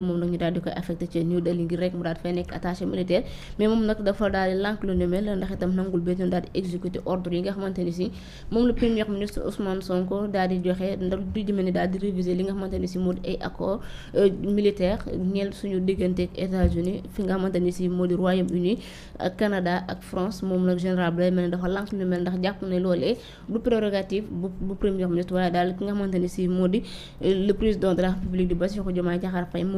moom nag ñu daal di koy affecté ci New Delhi rek mu daal fay nekk attaché militaire mais moom nag dafa daal di lànk lu ne ndax itam nangul benn daal di exécuté ni si moom le premier ministre Ousmane Sonko daal di joxe li nga xamante ni moo di ay accord euh, militaire ñeel suñu diggante ak États-Unis fi nga xamante ni moo di Royaume-Uni ak Canada ak France moom nag général Blay mel dafa lànk lu ne ndax jàpp ne loolee du prérogative bu premier ministre waaye daal ki nga xamante ni euh, la République du Bassirou Diomaye Diakhar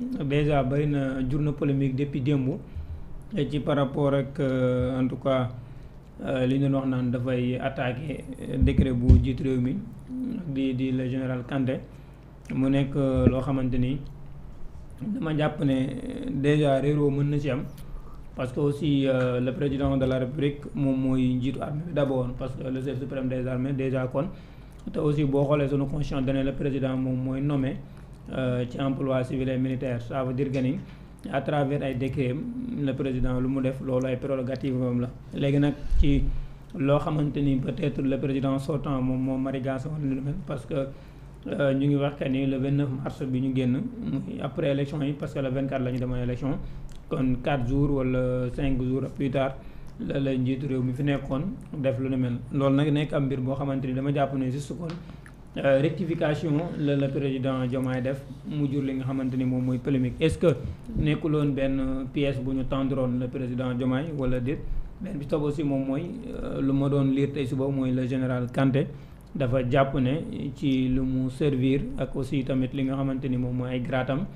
déjà bari na jur na polémique depuis démb ci par rapport ak euh, en tout cas euh, li ñu doon wax naan dafay attaqué euh, décret bu jiitu réew mi di di le général kande mu nekk loo xamante ni dama jàpp ne déjà réeroo mën na ci am parce que aussi euh, le président de la république moom mooy njiitu armée bi d'abord parce que le chef suprême des armées déjà kon te aussi boo xoolee sunu conscience dane le président moom mooy nommé. Euh, ci emploi civil et militaire ça veut dire que ni à travers ay décret le président lu mu def loolu ay prérogative am la léegi nag ci loo xamante ni peut-être le président sortant moom moom marigas wala lu mel parce que euh, ñu ngi wax que ni le 29 mars bi ñu génn muy après élection yi parce que le vingt la ñu demoon élection kon 4 jours wala cinq jours plus tard la la njiitu réew mi fi nekkoon def lu ne mel loolu nag nekk am mbir boo xamante ni dama jàpp ne juste kon Euh, rectification la le président Diomaye def mu jur li nga xamante ni moom mooy polémique est-ce que nekkuloon benn pièce bu ñu tendroon le président Diomaye wala déet benn bi aussi moom mooy euh, lu ma doon liir tey suba mooy le général Kanté dafa jàpp ne ci lu mu servir ak aussi tamit li nga xamante ni moom mooy ay gratam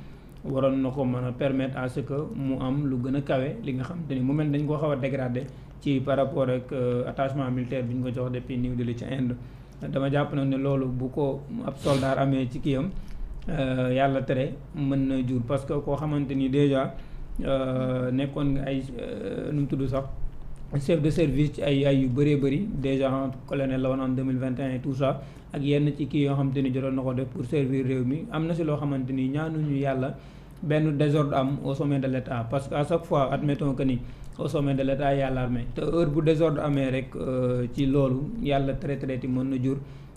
waroon na ko mën a permettre à ce que mu am lu gën a kawe li nga xamante ni mu mel dañ koo xaw a dégradé ci par rapport ak euh, attachement militaire bi ñu ko jox depuis New Delhi ci Inde dama jàpp nag ne loolu bu ko ab soldaar amee ci kii kiyam euh, yàlla tere mën na jur parce que koo xamante ni déjà euh, nekkoon nga ay euh, nu mu tudd sax chef de service ci ay yu bëree bari déjà colonel la woon en 2021 et tout ça ak yenn ci kii yoo xamante ni jotoon na ko def pour servir réew mi am na si loo xamante ni ñaanuñu yàlla benn désordre am au sommet de l'État parce que à chaque fois admettons que ni. au sommet de l'état et à l'armée te heure bu désordre amee rek euh, ci loolu yàlla traité mën na jur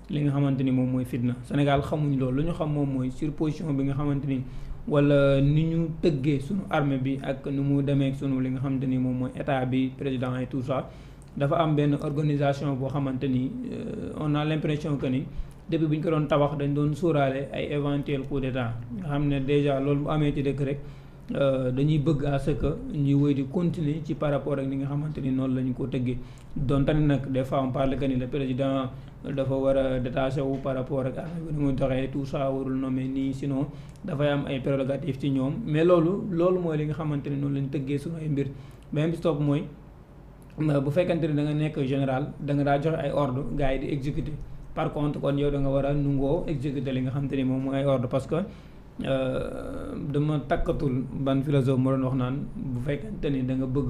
li nga xamante ni moom mooy fitna Sénégal xamuñ loolu lu ñu xam moom mooy surposition bi nga xamante ni wala ni ñu tëggee suñu armée bi ak nu mu demee sunu li nga xamante ni moom mooy état bi président et tout ça dafa am benn organisation boo xamante ni euh, on naa l'impression que ni depuis bi ñu ko doon tabax dañ doon suuraale ay éventuel coup d'état nga xam ne déjà loolu amee ci dëkk rek Euh, dañuy bëgg à que ñuy woy di continuer ci par rapport ak li nga xamante ni noonu la ñu ko tëggee donte ne nag des fois parle que ni le président dafa war a détaché wu par rapport ak affaire bi ni muy doxee tout ça warul nommer nii sinon dafay am ay prérogatives ci ñoom mais loolu loolu mooy li nga xamante ni noonu la ñu tëggee su ay mbir beneen bi topp mooy euh, bu fekkante ni da nga nekk général da nga daa joxe ay ordre gars yi di exécuter par contre kon yow da nga war a nungoo exécuter li nga xamante ni moom mooy ay ordre que Euh, dama takkatul ban philosophe moo doon wax naan bu fekkente ni da nga bëgg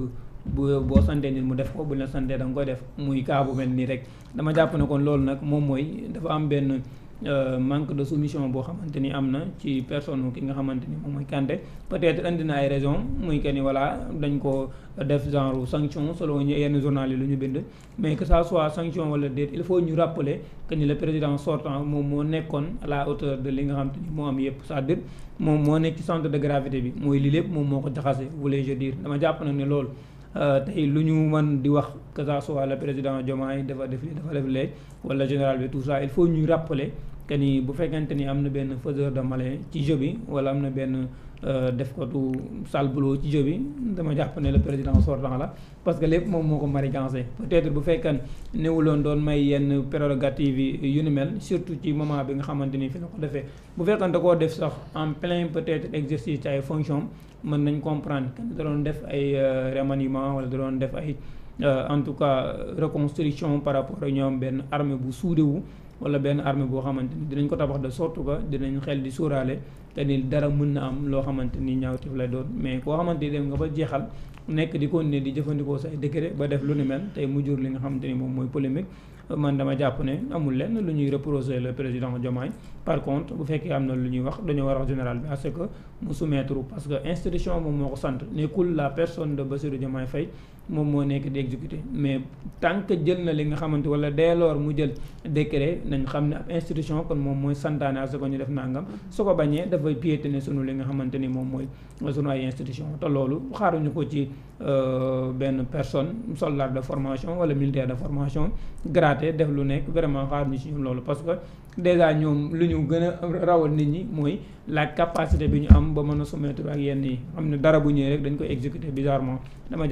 bu boo santee nit mu def ko bu la santee da nga koy def muy kaa bu mel nii rek dama jàpp ne kon loolu nag moom mooy dafa am benn. Euh, manque de soumission boo xamante ni am na ci personne ki nga xamante ni moom mooy Kanté peut-être indi na ay raison muy que ni voilà dañ ko def genre sanction selon yenn journal yi lu ñu bind mais que ça soit sanction wala déet il faut ñu rappeler que ni le président sortant moom moo nekkoon à la hauteur de li nga xamante ni moo am yëpp cest dire moom moo nekk ci centre de gravité bi mooy lii lépp moom moo ko jaxase voulais je dire dama jàpp nag ne loolu euh, tey lu ñu mën di wax que ça président Diomaye dafa def lii dafa wala général bi tout il faut ñu rappeler que ni bu fekkente ni am na benn faiseur de malin ci jeu bi wala am na benn euh, def kotu sale boulot ci jeu bi dama jàpp ne le président sortant la parce que lépp moom moo ko mari gancé peut-être bu fekkan newuloon doon may yenn prérogative yi yu ni mel surtout ci moment bi nga xamante ni fi na ko defee bu fekkante koo def sax en plein peut-être exercice ci ay fonction mën nañ comprendre que da doon def ay euh, remaniement wala da doon def ay euh, en tout cas reconstruction par rapport ak ñoom benn armée bu suudewu wala benn armée boo xamante ni dinañ ko tabax de sorte que dinañ xel di sóoraale te ni dara mën na am loo xamante ni ñaawteef lay doon mais koo xamante ni dem nga ba jeexal nekk di continuer di jëfandikoo say décret ba def lu ni mel tey mu jur li nga xamante ni moom mooy polémique man dama jàpp ne amul lenn lu ñuy reprocher le président Diomaye par contre bu fekkee am na lu ñuy wax dañoo war a wax général bi parce que mu soumettre parce que institution moom moo sant nekkul la personne de Bassirou Diomaye Faye moom moo nekk di exécuté mais tant que jël na li nga xamante wala dès lors mu jël décret nañ xam ne ab institution kon moom mooy santaane à ce que ñu def nangam su ko bañee dafay piétiner sunu li nga xamante ni moom mooy sunu ay institution te loolu xaaruñu ko ci euh, benn personne soldat de formation wala militaire de formation graté def lu nekk vraiment xaaruñu ci ñun loolu parce que déjà ñoom lu ñu gën a rawal nit ñi mooy la capacité bi ñu am ba mën a ak yenn yi xam ne dara bu ñëwee dañ koy exécuté bizarrement dama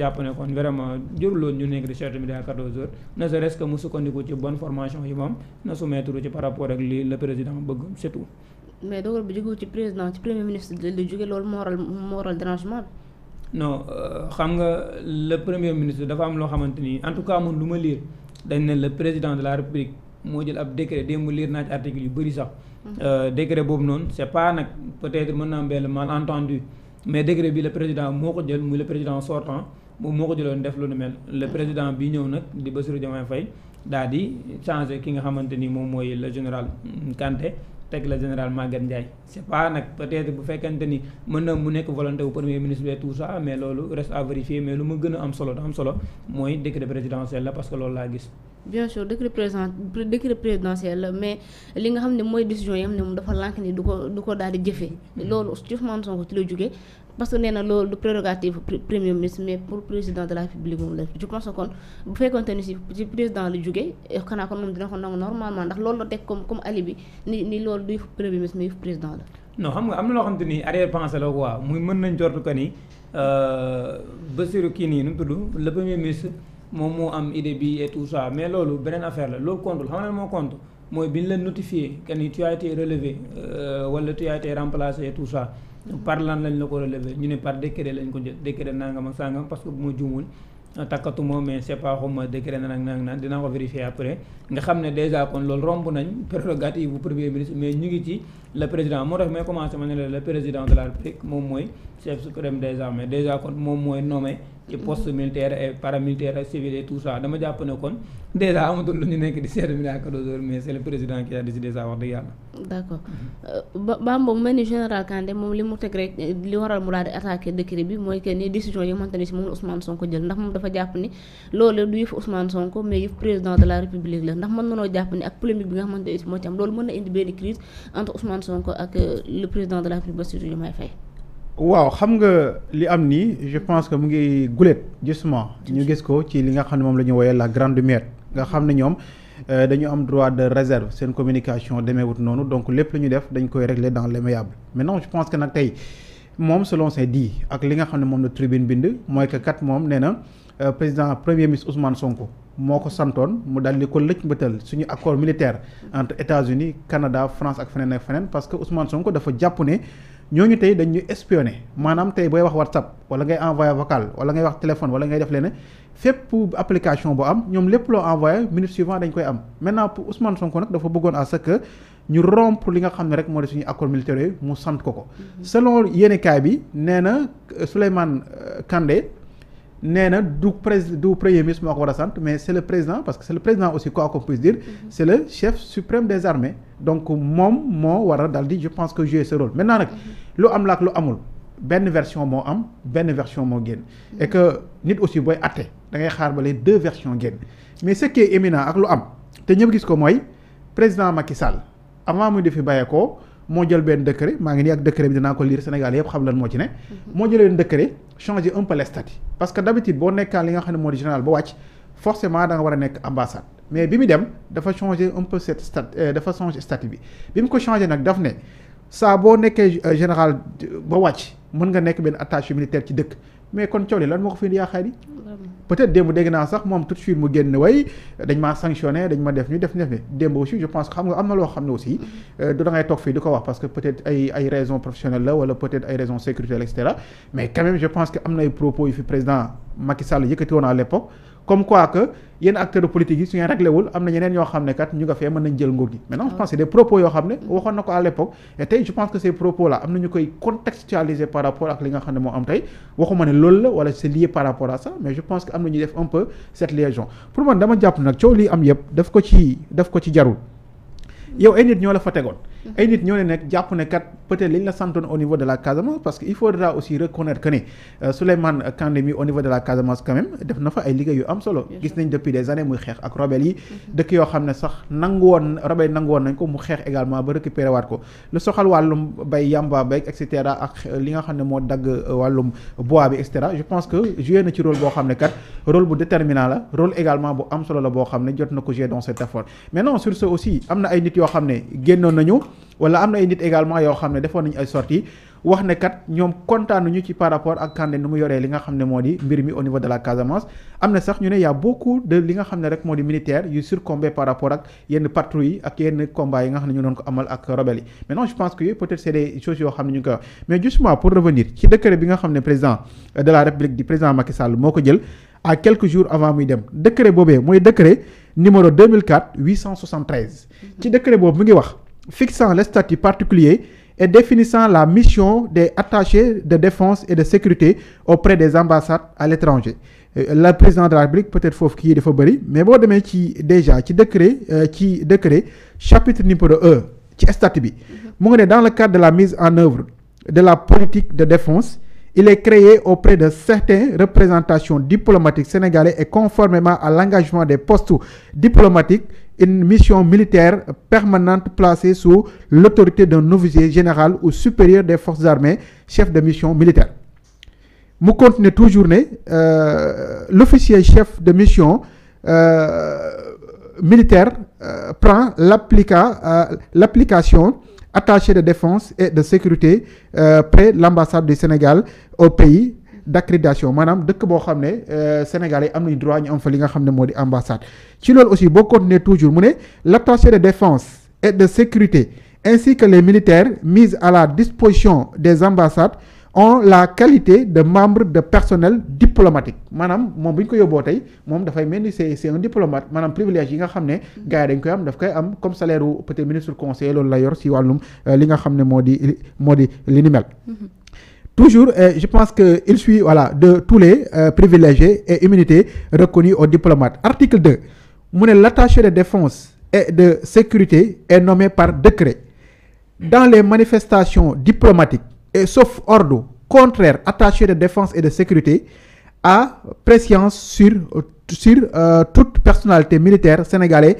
vraiment jëruloon ñu nekk di cherche midi à 14 heures ne serait-ce que mu li xam nga le premier ministre dafa am loo xamante ni en tout lu ma lire dañ ne le président de la république moo jël ab décret démb lire naa ci article yu bëri sax. Mm-hmm. Euh, décret boobu noonu c'est pas nag peut-être mën naa am benn malentendu mais décret bi le président moo ko jël muy le président sortant. moom moo ko jëloon def lu nu mel le président bi ñëw nag di Bassirou Diomaye Faye daal di changé ki nga xamante ni moom mooy le général Kanté teg le général Maguette Ndiaye c'est pas nag peut-être bu fekkente ni mën na mu nekk volonté bu premier ministre et tout ça mais loolu reste à mais lu ma gën a am solo am solo mooy décret présidentiel la parce que loolu laa gis bien sûr décret président décret la mais li nga xam ne mooy décision yi am ne moom dafa lànk ko du ko daal di jëfee mm-hmm. loolu Ousmane Sonko ci jógee parce que nee na loolu du prérogative premier ministre mais pour président de la république moom la je pense que kon bu fekkoonte ni si ci président la jógee eh, xanaa kon moom dina ko nangu normalement ndax loolu la teg comme comme alibi ni ni loolu du premier ministre mais yëfu président la. non xam nga am na loo xamante ni arrière pensée la quoi muy mën nañ jortu que ni euh, Bassirou kii nii nu mu tudd le premier ministre moom moo am idée bi et mais loolu beneen affaire la loolu compte xam nga moo compte mooy bi ñu la notifié que euh, wala tu as été par lan lañ la ko relever ñu ne par décret lañ ko jël décret nangam ak sangam parce que bu ma juumul takkatuma mais c'est pas xuma décret na nag naan dinaa ko vérifier après nga xam ne déjà kon loolu romb nañ prérogative bu premier ministre mais ñu ngi ci le président moo tax may commencé ma ne la le président de la république moom mooy chef suprême des armées déjà kon moom mooy nommé ci poste militaire et paramilitaire et civil et tout ça dama jàpp ne kon déjà amatul lu ñu nekk di seetlu ñu naan mais c'est le président qui a décidé ça euh, président de la République la ndax mën na jàpp ni ak polémique bi nga xamante ne si moo ci am loolu mën na indi benn crise entre Ousmane Sonko ak euh, le président de la République Bassirou Diomaye Faye. waaw xam nga li am nii je pense que mu ngi guléet justement ñu gis ko ci li nga xam ne moom la ñu woyee la grande muette nga xam ne ñoom euh, dañu am droit de réserve seen communication demeewut noonu donc lépp lu ñu def dañ koy régler dans l'amiable maintenant je pense que nag tey moom selon ses dires ak li nga xam ne moom la tribune bind mooy que kat moom nee na euh, président premier ministre Ousmane Sonko moo ko santoon mu daal di ko lëj mbëtal suñu accord militaire entre États-Unis Canada France ak feneen parce que Ousmane Sonko dafa jàpp ne ñooñu tey dañu ñu espionné maanaam tey booy wax WhatsApp wala ngay envoyé vocal wala ngay wax téléphone wala ngay def leneen fépp application boo am ñoom lépp loo envoyé minute suivant dañ koy am maintenant pour Ousmane Sonko nag dafa bëggoon à ñu rompre li nga xam ne rek moo di suñu accord militaire yooyu mu sant ko ko. Mhm. selon yéenekaay bi nee na Souleymane euh, Kandé. nee na du prés du premier ministre moo ko war a sant mais c' est le président parce que c' est le président aussi quoi qu'on puisse dire. Mm-hmm. c' est le chef suprême des armées. donc moom moo war a dal di je pense que jouer ce rôle maintenant nag mm-hmm. lu am la ak lu amul benn version moo am benn version moo génn. et que nit aussi booy atte dangay xaar ba les deux versions génn mais ce qui éminent ak lu am te ñëpp gis ko mooy président Macky Sall avant muy defi bàyyeekoo. moo jël benn décret maa ngi nii ak décret bi dinaa ko lire Sénégal yëpp xam lan moo ci ne. Mhm. moo jël benn décret changer un peu les statuts parce que d'habitude boo nekkaan li nga xam ne moo di général ba wàcc forcément da war a nekk ambassade mais bi muy dem dafa changer un peu cette stat euh, dafa changer statut bi bi mu ko changer nag daf ne saa boo nekkee euh, général ba wàcc mën nga nekk benn attaché militaire ci dëkk. mais kon coow li lan moo ko fi indi yaakaar yi peut-être démb dégg naa sax moom tout suite mu génn way dañ maa sanctionné dañ ma def ñu def ñu def ne démb aussi je pense que xam nga am na loo xam ne aussi mm-hmm. euh, du da ngay toog fii di ko wax parce que peut-être ay ay raisons la wala peut-être ay raisons sécuritaires et cetera mais quand même je pense que am na ay propos yu fi président Macky Sall yëkkati woon à comme quoi que yenn acteurs politiques yi su ngeen réglé wul am na ñeneen ñoo xam ne kat ñu nga fee mën nañ jël nguur gi maintenant je ah. pense que des propos yoo xam ne waxoon na ko à l'époque tey je pense que ces propos là am na ñu koy contextualiser par rapport ak li nga xam ne moo am tey waxuma ne loolu la wala c'est lié par rapport à ça mais je pense que am na ñuy def un peu cette liaison pour man dama jàpp nag coow lii am yëpp daf ko ci daf ko ci jarul yow ay nit ñoo la fa tegoon ay nit ñoo ne nag jàpp ne kat peut-être liñ la santoon au niveau de la Casamance parce que il faudra aussi reconnaître que ne euh, Souleymane Kandé mi au niveau de la Casamance quand même def na fa ay liggéey yu am solo gis nañ depuis des années muy xeex ak rebelle yi mm-hmm. dëkk yoo xam ne sax nangu woon rebelle nangu woon nañ ko mu xeex également ba récupéré waat ko lu soxal wàllum bay yamba bay et cetera ak li nga xam ne moo dagg euh, wàllum bois bi et je pense que joué na boo xam ne kat rôle bu déterminant la rôle également bu am solo la boo xam ne jot na ko joué dans cet effort aussi am na ay nit yoo xam ne génnoon nañu wala am na ay nit également yoo xam ne defoon nañu ay sorties wax ne kat ñoom kontaan nañu ci par rapport ak Kandé nu mu yoree li nga xam ne moo di mbir mi au niveau de la Casamance am na sax ñu ne y' a beaucoup li nga xam ne rek moo di militaire yu surcombé par rapport ak yenn patrouille yi ak yenn combat yi nga xam ne ñu doon ko amal ak rebelle yi maintenant je pense que yooyu peut-être c' est yoo xam ne ñu ngi ko wax mais justement pour revenir ci décret bi nga xam ne président de la République du président Macky Sall moo ko fixant le statut particulier et définissant la mission des attachés de défense et de sécurité auprès des ambassades à l'étranger euh, la président de la République peut-être foofu kii dafa bëri mais boo demee ci déjà ci décret euh, ci décret chapitre numéro un ci statut bi mu ngi ne dans le cadre de la mise en œuvre de la politique de défense il est créé auprès de certaines représentations diplomatiques sénégalaises et conformément à l'engagement des postes diplomatiques une mission militaire permanente placée sous l'autorité d'un officier général ou supérieur des forces armées chef de mission militaire mu continuer toujours ne euh, l'officier chef de mission euh, militaire euh, prend l'applica euh, l'application attachée de défense et de sécurité euh, près l'ambassade du Sénégal au pays decrédation maanaam dëkk boo xam ne euh, sénégalais am nañu droit ñu am fa li nga xam ne moo di ambassade ci loolu aussi boo continuer toujours mu ne l'attaché de défense et de sécurité ainsi que les militaires mis à la disposition des ambassades ont la qualité de membre de personnel diplomatique maanaam moom bu ñu ko yóbboo tey moom dafay mel ni c'est c'est un diplomate maanaam privilège yi nga xam ne gars yi dañ koy am daf koy am comme salaire peut-être loolu la yor si wàllum euh, li nga xam ne moo di moo di li toujours euh, je pense que il suit voilà de tous les euh, et immunités reconnues aux diplomates article 2 mu ne l'attaché de défense et de sécurité est nommé par décret dans les manifestations diplomatiques et sauf ordre contraire attaché de défense et de sécurité a prescience sur sur euh, toute personnalité militaire sénégalaise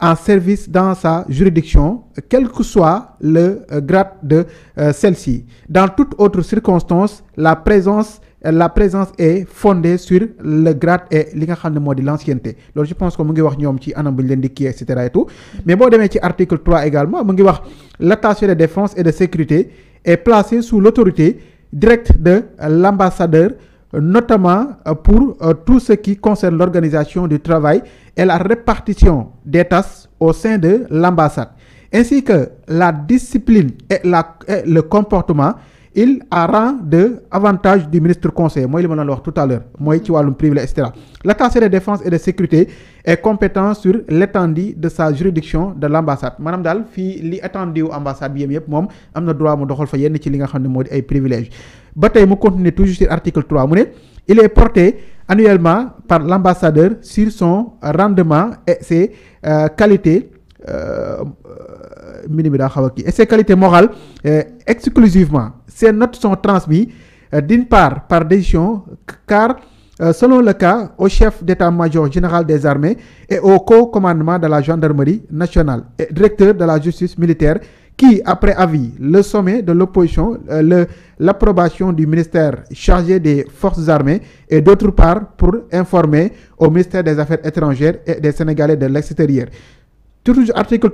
en service dans sa juridiction, quel que soit le euh, grade de euh, celle-ci. Dans toute autre circonstance, la présence la présence est fondée sur le grade et li nga xam ne moo di l'ancienneté loolu je pense que mu ngi wax ñoom ci anam bu ñu leen di kii et cetera et tout mais boo demee ci article 3 également mu ngi wax l'attaché de défense et de sécurité est placé sous l'autorité direct de euh, l'ambassadeur notamment euh, pour euh, tout ce qui concerne l'organisation du travail et la répartition des tâches au sein de l'ambassade, ainsi que la discipline et, la, et le comportement il a rang de avantage du ministre conseil mooy li ma doon wax tout à mooy ci wàllum privilège et cetera l'attaché de défense et de sécurité est compétent sur l'étendue de sa juridiction de l'ambassade maanaam daal fii li étendue ambassade bi yem yëpp moom am na droit mu doxal fa yenn ci li nga xam ne moo di ay privilèges ba tey mu continuer toujours sur article 3 mu ne il est porté annuellement par l'ambassadeur sur son rendement et ses euh, qualités euh, mini bi daa xaw a kii et ces qualités morales euh, exclusivement ces notes sont transmises euh, d'une part par décision car euh, selon le cas au chef d'état-major général des armées et au co-commandement de la gendarmerie nationale et directeur de la justice militaire qui après avis le sommet de l'opposition euh, le l'approbation du ministère chargé des forces armées et d'autre part pour informer au ministère des affaires étrangères et des Sénégalais de l'extérieur toujours article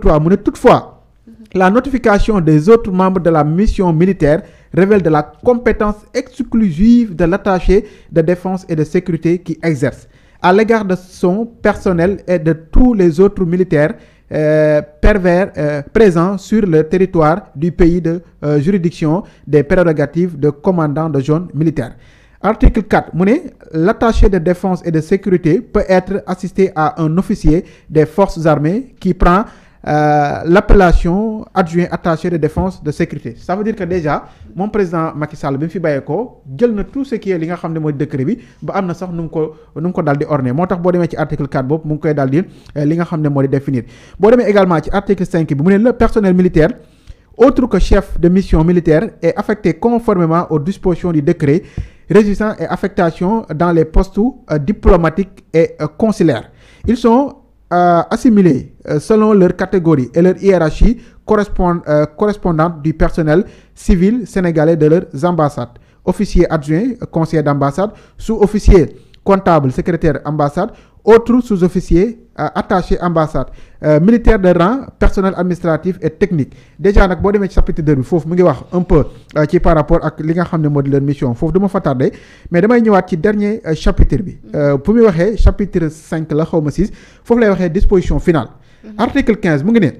La notification des autres membres de la mission militaire révèle de la compétence exclusive de l'attaché de défense et de sécurité qui exerce à l'égard de son personnel et de tous les autres militaires euh, pervers euh, présents sur le territoire du pays de euh, juridiction des prérogatives de commandant de zone militaire. Article 4 mu ne l'attaché de défense et de sécurité peut être assisté à un officier des forces armées qui prend Euh, l'appellation adjoint attaché de défense de sécurité ça veut dire que déjà moom président Macky Sall bi mu fi bàyyee ko jël na tout ce li nga xam ne mooy décret bi ba am na sax nu mu ko nu mu ko daal di orné moo tax boo demee ci article 4 boobu mu koy daal di euh, li nga xam ne moo di définir boo demee également ci article 5 bi mu personnel militaire autre chef de mission militaire est affecté conformément aux dispositions du décret régissant et affectation dans les postes euh, diplomatiques et euh, Euh, assimilés euh, selon leur catégorie et leur hiérarchie correspond euh, correspondante du personnel civil sénégalais de leurs ambassades officier adjoint conseiller d'ambassade sous-officier comptable secrétaire ambassade autres sous-officiers euh, attachés ambassade euh, militaire de rang personnel administratif et technique déjà nag boo demee ci chapitre 2 bi foofu mu ngi wax un peu euh, ci par rapport ak li nga xam ne moo di leur mission foofu du fa tardé mais damay ñëwaat ci dernier chapitre bi mm-hmm. bu muy waxee chapitre 5 la xaw ma 6 foofu lay waxee disposition finale mm-hmm. article 15 mu ngi ne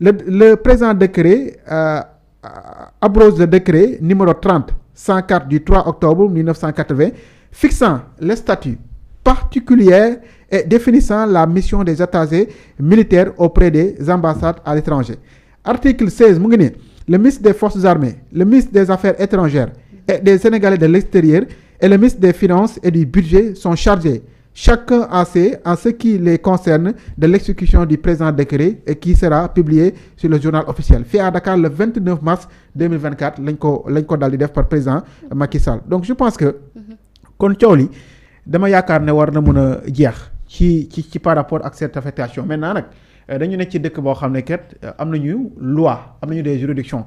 le le présent décret abroge le décret numéro 30 104 du 3 octobre 1980 fixant les statuts particulière et définissant la mission des attachés militaires auprès des ambassades à l'étranger. Article 16 mu ngi ne le ministre des forces armées le ministre des affaires étrangères et des Sénégalais de l'extérieur et le ministre des finances et du budget sont chargés chacun à ses en ce qui les concerne de l'exécution du présent décret et qui sera publié sur le journal officiel fii à Dakar le 29 mars 2024 lañ ko lañ ko di def par président Macky Sall je pense que mm-hmm. kon coow li dama yaakaar ne war na mën a jeex ci ci ci par rapport ak cette affectation maintenant nag euh, dañu ne ci dëkk boo xam ne kat euh, am nañu loi am nañu des juridictions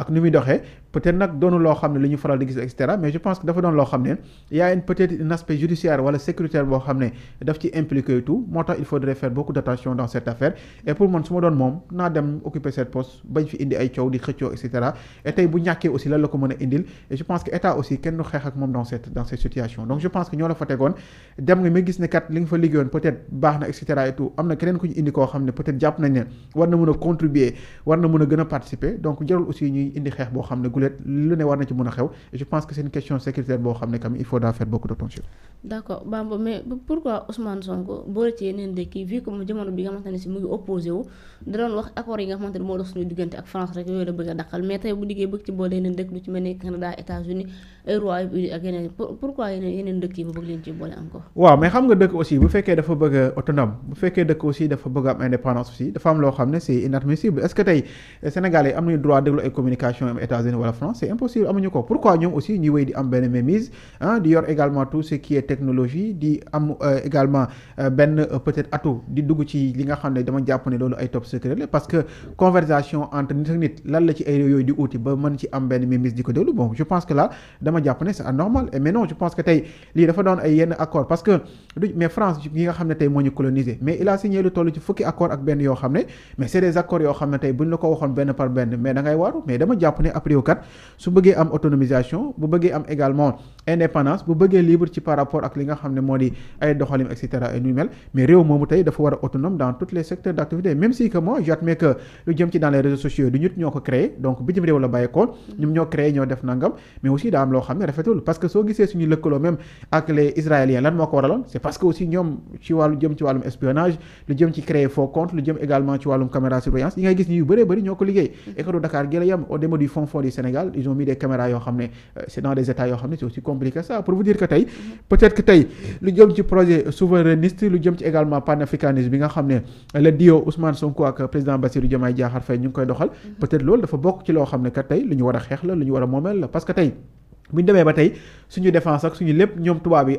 ak nu muy doxee peut nag doonu loo xam ne lu ñu faral di gis sécuritaire boo xam ne daf ci impliqué tout moo tax il faudrait faire beaucoup d'attention dans cette affaire et pour man su ma doon moom naa dem occuper cette poste bañ fi indi ay coow di xëccoo et cetera et bu ñàkkee aussi lan la ko mën a indil je pense que état aussi kenn xeex ak moom dans cette dans cette situation donc je pense que ñoo la fa tegoon dem nga ma gis ne kat li nga fa liggéeyoon peut dañuy indi xeex boo xam ne gulet lu ne war na ci mën a xew et je pense que c'est une question sécuritaire boo xam ne quand même il faudra faire beaucoup d'attention d'accord Bamba mais pourquoi Ousmane Sonko boole ci yeneen dëkk yi vu que mu jamono bi nga xamante ne si mu ngi opposé wu da doon wax accord yi nga xamante ne moo dox suñu diggante ak France rek yooyu la bëgg a daqal mais tey bu diggee bëgg ci boole yeneen dëkk lu ci mel ne Canada États-Unis Royaume-Uni ak yeneen pourquoi yeneen yeneen dëkk yi mu bëgg leen ci boole encore waaw mais xam nga dëkk aussi bu fekkee dafa bëgg a autonome bu fekkee dëkk aussi dafa bëgg am indépendance aussi dafa am loo xam ne c'est inadmissible est-ce que tey Sénégalais am nañu droit déglu ay communes communication unis wala France c'est impossible amuñu ko pourquoi ñoom aussi ñuy wéy di am benn mainmise di yor également tout ce qui est technologie di am euh, également euh, benn euh, peut-être di dugg ci li nga xam ne dama jàpp ne loolu ay top secret la parce que conversation entre nit ak ci ay yooyu di uti ba mën ci am benn mainmise di ko déglu bon je pense que là dama jàpp ne c'est anormal mais non je pense que tey lii dafa doon ay yenn accord parce que mais da dama jàpp ne ab réew kat su bëggee am autonomisation bu bëggee am également indépendance bu bëggee libre ci par rapport ak li nga xam ne moo di ay doxalim et cetera mel mais réew moomu tey dafa war autonome dans tous les secteurs d' activité si que moi j'admets que lu jëm ci dans les mais aussi daa am loo xam ne rafetul parce que soo gisee suñu lëkkaloo même ak les israéliens lan moo ko waraloon c' est parce que aussi ñoom ci wàllu jëm ci wàllum espionnage lu jëm ci créer faux compte lu jëm également ci wàllum caméra compliqué ça pour vous dire que tey peut-être tey lu jëm ci projet souverainiste lu jëm ci également panafricanisme bi nga xam ne le dio Ousmane Sonko ak président Bassirou Diomaye Diakhar Faye ñu ngi koy doxal peut loolu dafa bokk ci loo xam ne kat tey lu ñu war a xeex la lu ñu war a moomeel la parce tey bu ñu demee ba tey suñu défense ak suñu lépp ñoom tubaab yi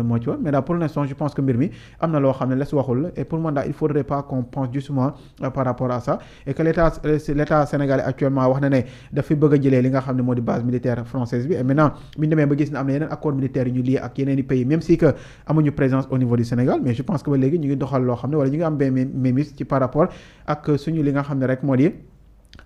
ne moo ci woon mais daal pour l'instant je pense que mbir mi am na loo xam ne les waxul pour man daal il faudrait pas qu'on pense justement euh, par rapport à ça et que l'état euh, l'état actuellement wax na ne dafay bëgg a li nga xam ne moo di base militaire française bi et bi ñu ba gis ne am na yeneen accord militaire yu ñu lié ak yeneen pays même si que amuñu présence au niveau du Sénégal mais je pense que ba léegi ñu ngi doxal loo xam ne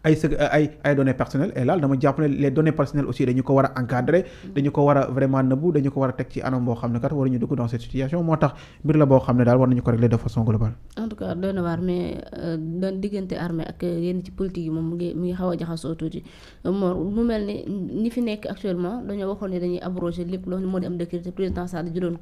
ay euh, ay ay données personnelles et là dama jàpp ne les données personnelles aussi dañu ko war a encadrer dañu ko war a vraiment nëbbu dañu ko war a teg ci anam boo xam ne kat waruñu dugg dans situation moo tax mbir la boo xam ne daal war nañu ko régler de façon globale. en tout cas doy mais euh, doon diggante armée ak yenn ci politique yi moom mu ngi mu ngi xaw a jaxasoo tuuti moom mu mel ni ñi fi nekk actuellement dañoo waxoon ne dañuy abroger lépp loolu